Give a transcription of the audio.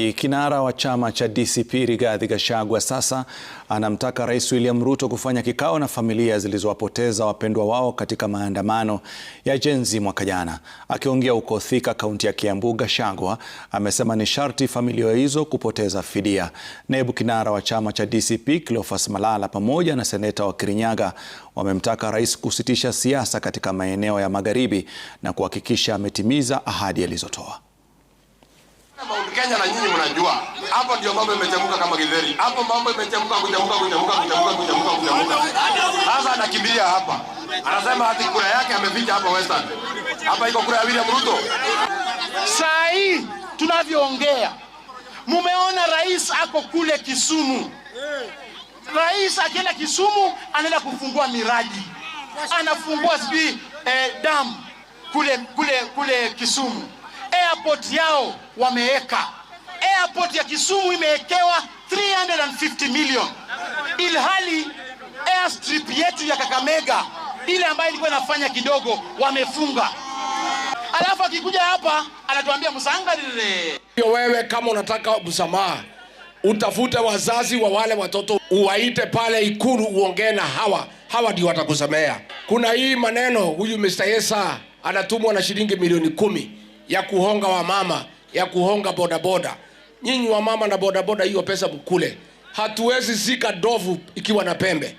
Msemaji kinara wa chama cha DCP Rigathi Gachagua sasa anamtaka Rais William Ruto kufanya kikao na familia zilizowapoteza wapendwa wao katika maandamano ya Gen Z mwaka jana. Akiongea huko Thika, kaunti ya Kiambu, Gachagua amesema ni sharti familia hizo kupoteza fidia. Naibu kinara wa chama cha DCP Cleophas Malala pamoja na seneta wa Kirinyaga wamemtaka rais kusitisha siasa katika maeneo ya magharibi na kuhakikisha ametimiza ahadi alizotoa. Mount Kenya na nyinyi mnajua. Hapo ndio mambo imechamuka kama githeri. Hapo mambo imechamuka kuchamuka kuchamuka kuchamuka kuchamuka kuchamuka. Sasa anakimbilia hapa. Anasema ati kura yake ameficha hapa Western. Hapa iko kura ya William Ruto. Saa hii tunavyoongea, mumeona rais ako kule Kisumu. Rais akienda Kisumu anaenda kufungua miradi, anafungua sijui eh, damu kule kule kule Kisumu airport yao wameweka airport ya Kisumu imewekewa 350 million, ilhali airstrip yetu ya Kakamega ile ambayo ilikuwa inafanya kidogo wamefunga. Alafu akikuja hapa anatuambia hiyo Wewe kama unataka msamaha, utafute wazazi wa wale watoto, uwaite pale Ikulu uongee na hawa hawa, ndio watakusamea. Kuna hii maneno, huyu Mr. Yesa anatumwa na shilingi milioni kumi ya kuhonga wamama, ya kuhonga bodaboda. Nyinyi wamama na bodaboda, hiyo pesa mkule. Hatuwezi zika ndovu ikiwa na pembe.